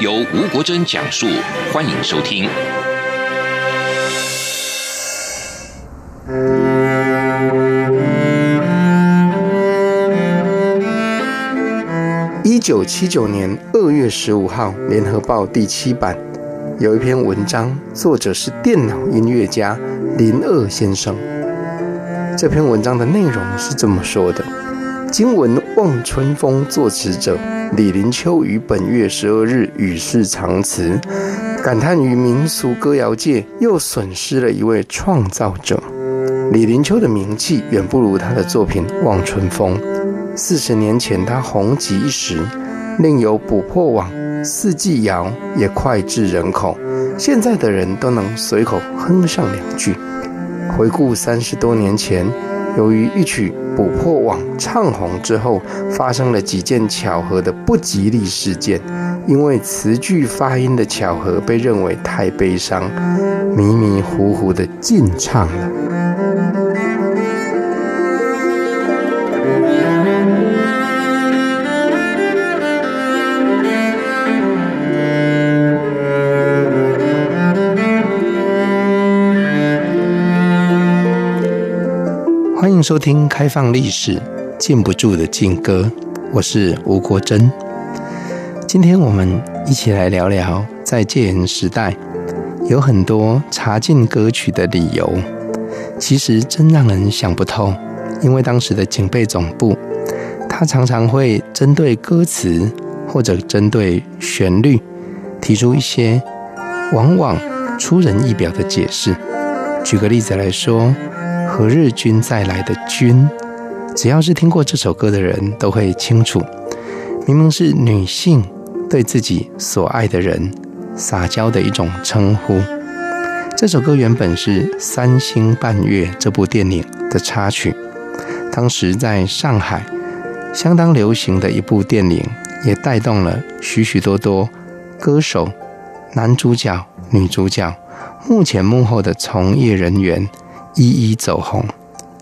由吳國珍講述，歡迎收聽。一九七九年二月十五號，《聯合報》第七版有一篇文章，作者是電腦音樂家林二先生。這篇文章的內容是這麼說的：“今聞望春風，作詞者。”李林秋於本月十二日與世長辭，感嘆於民俗歌謠界又損失了一位創造者。李林秋的名氣遠不如他的作品《望春風》，四十年前他紅極一時，另有《補破網》《四季謠》也膾炙人口，現在的人都能隨口哼上兩句。回顧三十多年前。由於一曲《補破網》唱紅之後，發生了幾件巧合的不吉利事件，因為詞句發音的巧合，被認為太悲傷，迷迷糊糊地禁唱了。歡迎收聽《開放歷史》，禁不住的禁歌，我是吳國珍。今天我們一起來聊聊，在戒嚴時代，有很多查禁歌曲的理由。其實真讓人想不通，因為當時的警備總部，他常常會針對歌詞或者針對旋律，提出一些往往出人意表的解釋。舉個例子來說。何日君再來」的君，只要是聽過這首歌的人都會清楚，明明是女性對自己所愛的人撒嬌的一種稱呼。這首歌原本是《三星半月》這部電影的插曲，當時在上海相當流行的一部電影，也帶動了許許多多歌手、男主角、女主角、幕前幕後的從業人員。一一走紅，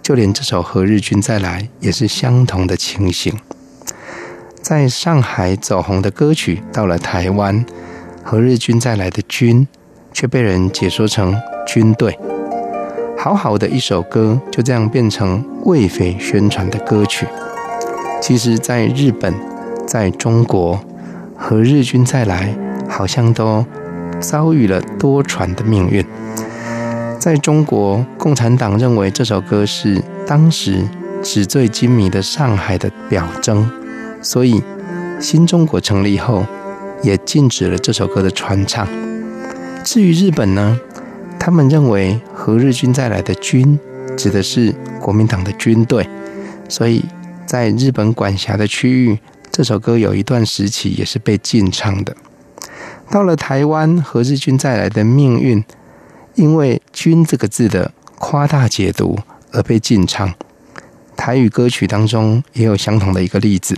就連這首《何日君再來》也是相同的情形。在上海走紅的歌曲，到了台灣，《何日君再來》的“君”卻被人解說成軍隊。好好的一首歌，就這樣變成為匪宣傳的歌曲。其實，在日本、在中國，《何日君再來》好像都遭遇了多舛的命運。在中國，共產黨認為這首歌是當時紙醉金迷的上海的表徵，所以新中國成立後也禁止了這首歌的傳唱。至於日本呢，他們認為“何日君再來的君”指的是國民黨的軍隊，所以在日本管轄的區域，這首歌有一段時期也是被禁唱的。到了臺灣，“何日君再來的命運”。因為“君”這個字的誇大解讀而被禁唱，台語歌曲當中也有相同的一個例子，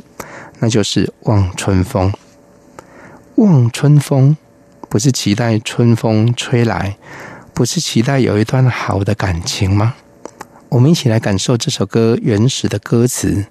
那就是《望春風》。望春風，不是期待春風吹來，不是期待有一段好的感情嗎？我們一起來感受這首歌原始的歌詞。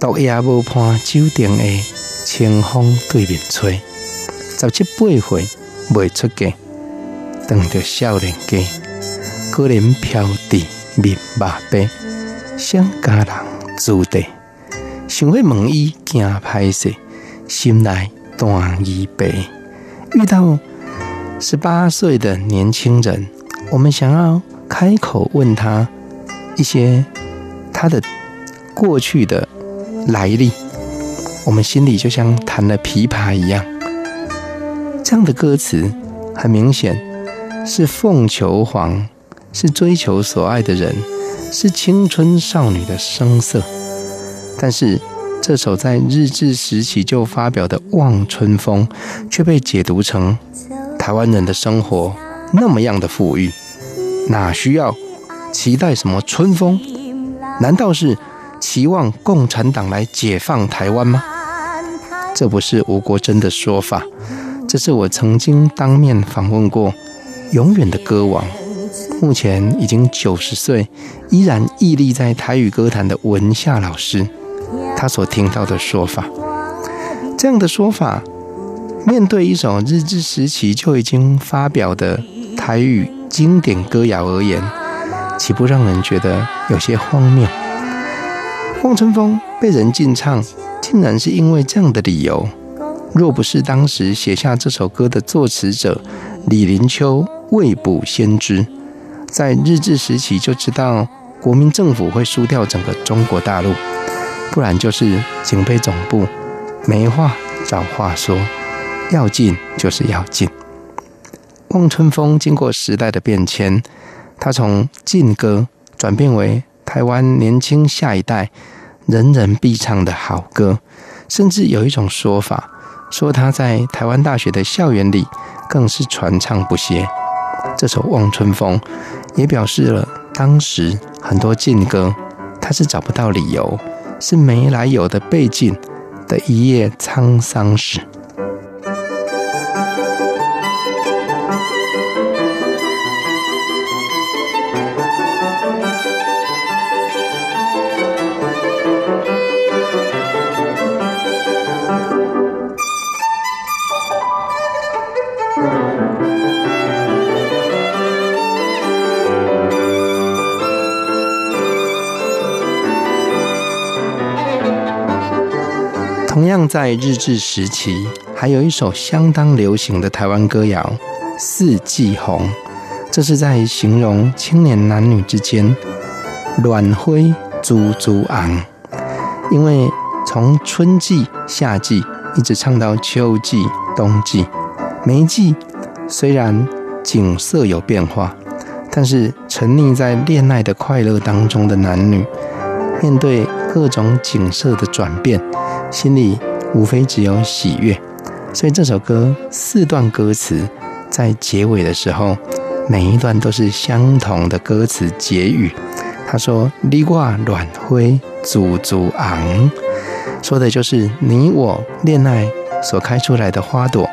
獨夜無伴，守燈下清風對面吹。十七八歲，未出嫁，等到少年家，個人飄地面肉白。想家人子弟，想欲問伊驚歹勢，心內彈琵琶。遇到十八歲的年輕人，我們想要開口問他一些他的過去的來歷，我們心裡就像彈了琵琶一樣。這樣的歌詞很明顯是鳳求凰，是追求所愛的人，是青春少女的聲色。但是這首在日治時期就發表的《望春風》，卻被解讀成台灣人的生活那麽樣的富裕，哪需要期待什麽春風？難道是？期望共產黨來解放台灣嗎？這不是吳國楨的說法，這是我曾經當面訪問過、永遠的歌王，目前已經九十歲，依然屹立在台語歌壇的文夏老師，他所聽到的說法。這樣的說法，面對一首日治時期就已經發表的台語經典歌謠而言，豈不讓人覺得有些荒謬？望春風被人禁唱，竟然是因為這樣的理由。若不是當時寫下這首歌的作詞者李臨秋未卜先知，在日治時期就知道國民政府會輸掉整個中國大陸，不然就是警備總部沒話找話說，要禁就是要禁。望春風經過時代的變遷，它從禁歌轉變為台灣年輕下一代人人必唱的好歌，甚至有一種說法，說他在台灣大學的校園裡更是傳唱不歇。這首《望春風》也表示了當時很多禁歌，他是找不到理由，是沒來由的被禁的一夜滄桑史。同樣在日治時期，還有一首相當流行的台灣歌謠《四季紅》，這是在形容青年男女之間暖灰足足昂。因為從春季、夏季一直唱到秋季、冬季，每一季雖然景色有變化，但是沉溺在戀愛的快樂當中的男女，面對各種景色的轉變。心裡無非只有喜悅，所以這首歌四段歌詞在結尾的時候，每一段都是相同的歌詞結語。他說：“你我戀花，朱朱紅”，說的就是你我戀愛所開出來的花朵，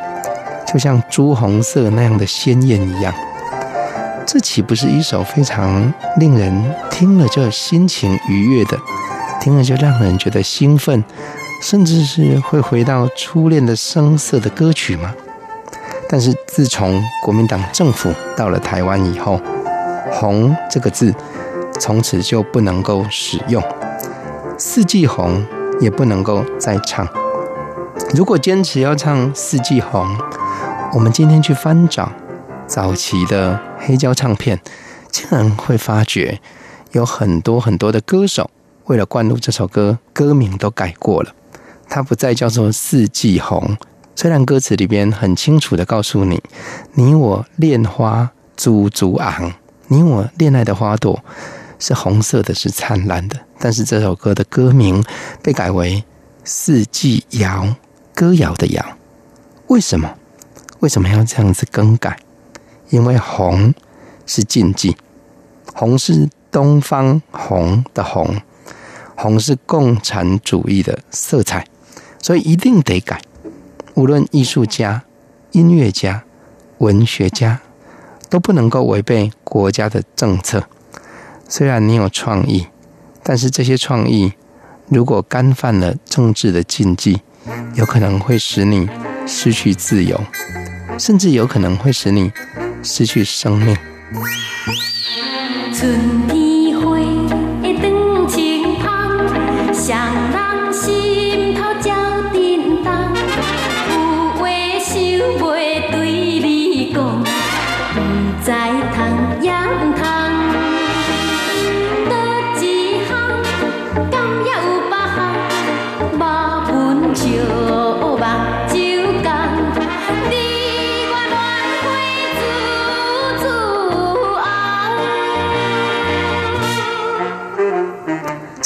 就像朱紅色那樣的鮮豔一樣。這豈不是一首非常令人聽了就心情愉悅的，聽了就讓人覺得興奮。甚至是會回到初戀的聲色的歌曲嗎？但是自從國民黨政府到了台灣以後，“紅”這個字從此就不能夠使用，《四季紅》也不能夠再唱。如果堅持要唱《四季紅》，我們今天去翻找早期的黑膠唱片，竟然會發覺有很多很多的歌手為了灌錄這首歌，歌名都改過了。它不再叫做四季紅，雖然歌詞裡邊很清楚地告訴你，你我戀花朱朱昂，你我戀愛的花朵是紅色的，是燦爛的。但是這首歌的歌名被改為四季謠，歌謠的謠。為什麼？為什麼要這樣子更改？因為紅是禁忌，紅是東方紅的紅，紅是共產主義的色彩。所以一定得改，無論藝術家、音樂家、文學家，都不能夠違背國家的政策。雖然你有創意，但是這些創意如果干犯了政治的禁忌，有可能會使你失去自由，甚至有可能會使你失去生命。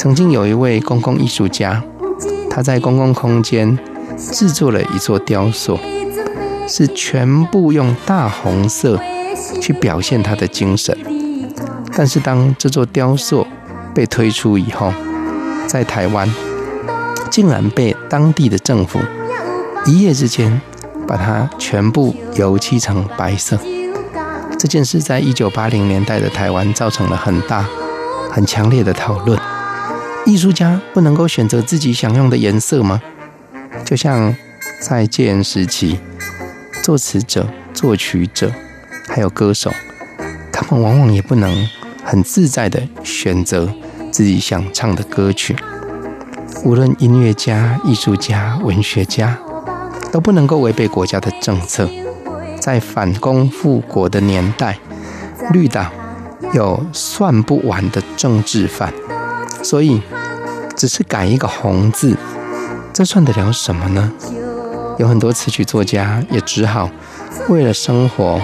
曾經有一位公共藝術家，他在公共空間製作了一座雕塑，是全部用大紅色去表現他的精神。但是，當這座雕塑被推出以後，在台灣竟然被當地的政府一夜之間把它全部油漆成白色。這件事在一九八零年代的台灣造成了很大、很強烈的討論。藝術家不能夠選擇自己想用的顏色嗎？就像在戒嚴時期，作詞者、作曲者還有歌手，他們往往也不能很自在地選擇自己想唱的歌曲。無論音樂家、藝術家、文學家，都不能夠違背國家的政策。在反攻復國的年代，綠黨有算不完的政治犯。所以，只是改一個紅字，這算得了什麼呢？有很多詞曲作家也只好為了生活，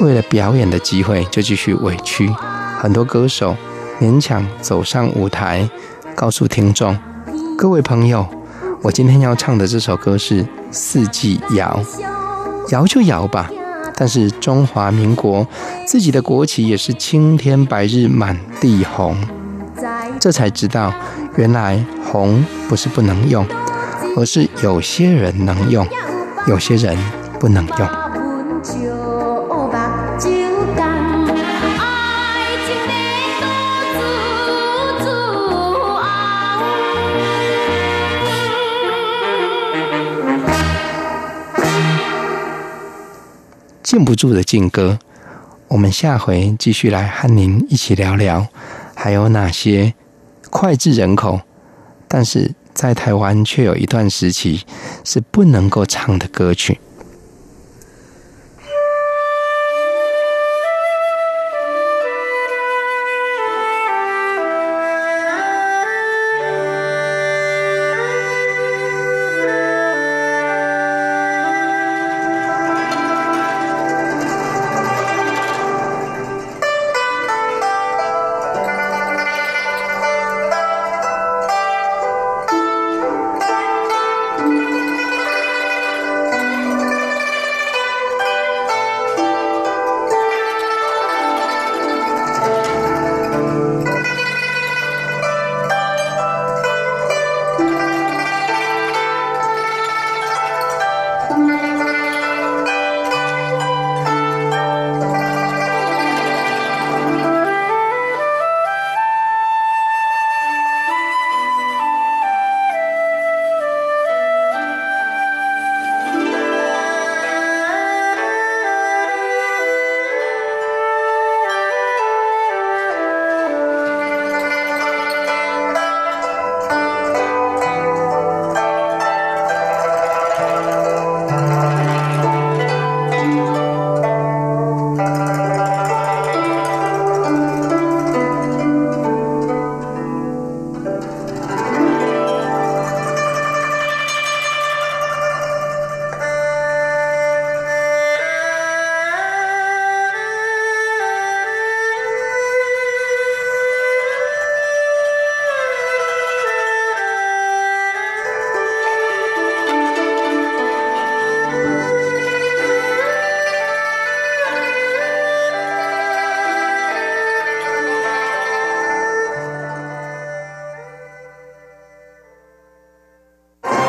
為了表演的機會，就繼續委屈。很多歌手勉強走上舞台，告訴聽眾：各位朋友，我今天要唱的這首歌是《四季謠》，謠就謠吧。但是中華民國自己的國旗也是青天白日滿地紅。這才知道，原來紅不是不能用，而是有些人能用，有些人不能用。禁不住的禁歌，我們下回繼續來和您一起聊聊，還有哪些？膾炙人口，但是在台灣卻有一段時期是不能夠唱的歌曲。